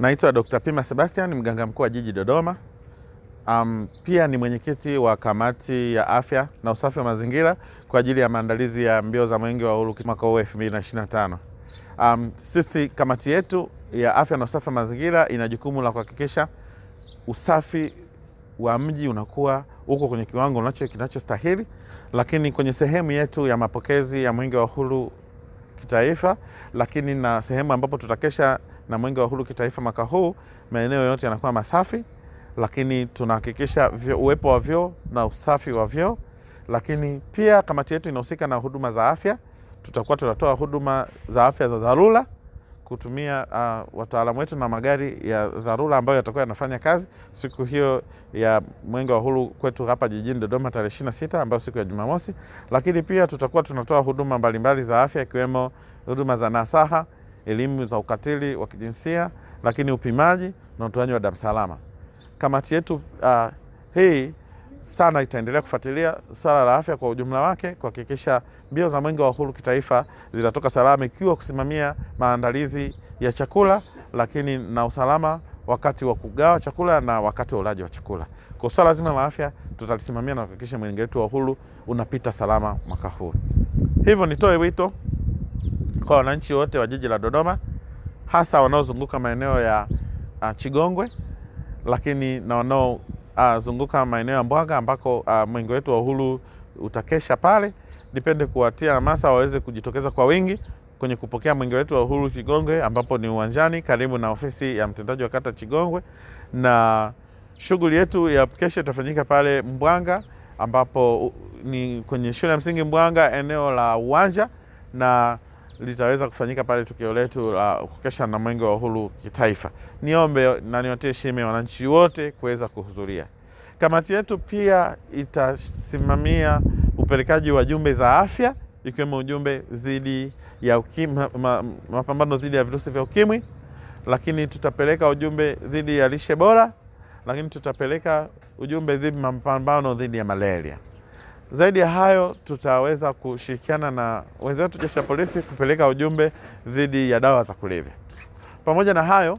Naitwa Dr. Pima Sebastian, mganga mkuu wa jiji Dodoma. Um, pia ni mwenyekiti wa kamati ya afya na usafi wa mazingira kwa ajili ya maandalizi ya mbio za Mwenge wa Uhuru mwaka huu 2025. Um, sisi kamati yetu ya afya na usafi wa mazingira ina jukumu la kuhakikisha usafi wa mji unakuwa uko kwenye kiwango unacho kinachostahili, lakini kwenye sehemu yetu ya mapokezi ya Mwenge wa Uhuru kitaifa, lakini na sehemu ambapo tutakesha na mwenge wa uhuru kitaifa mwaka huu, maeneo yote yanakuwa masafi, lakini tunahakikisha uwepo wa vyoo na usafi wa vyoo. Lakini pia kamati yetu inahusika na huduma za afya, tutakuwa tunatoa huduma za afya za dharura kutumia uh, wataalamu wetu na magari ya dharura ambayo yatakuwa yanafanya kazi siku hiyo ya mwenge wa uhuru kwetu hapa jijini Dodoma tarehe ishirini na sita ambayo siku ya Jumamosi. Lakini pia tutakuwa tunatoa huduma mbalimbali za afya ikiwemo huduma za nasaha elimu za ukatili wa kijinsia, lakini upimaji na utoaji wa damu salama. Kamati yetu uh, hii sana itaendelea kufuatilia swala la afya kwa ujumla wake, kuhakikisha mbio za mwenge wa uhuru kitaifa zinatoka salama, ikiwa kusimamia maandalizi ya chakula, lakini na usalama wakati wa kugawa chakula na wakati wa ulaji wa chakula. Kwa swala zima la afya tutalisimamia na kuhakikisha mwenge wetu wa uhuru unapita salama mwaka huu. Hivyo nitoe wito kwa wananchi wote wa jiji la Dodoma, hasa wanaozunguka maeneo ya uh, Chigongwe, lakini na wanaozunguka uh, maeneo ya Mbwaga ambako uh, mwenge wetu wa uhuru utakesha pale. Nipende kuwatia hamasa waweze kujitokeza kwa wingi kwenye kupokea mwenge wetu wa uhuru Chigongwe, ambapo ni uwanjani karibu na ofisi ya mtendaji wa kata Chigongwe, na shughuli yetu ya kesho itafanyika pale Mbwanga ambapo ni kwenye shule ya msingi Mbwanga eneo la uwanja na litaweza kufanyika pale tukio letu la uh, kukesha na mwenge wa uhuru kitaifa. Niombe na niwatie shime wananchi wote kuweza kuhudhuria. Kamati yetu pia itasimamia upelekaji wa jumbe za afya ikiwemo ujumbe dhidi ya ukimwi, mapambano dhidi ya virusi vya ukimwi, lakini tutapeleka ujumbe dhidi ya lishe bora, lakini tutapeleka ujumbe dhidi mapambano dhidi ya malaria. Zaidi ya hayo, tutaweza kushirikiana na wenzetu jeshi la polisi kupeleka ujumbe dhidi ya dawa za kulevya. Pamoja na hayo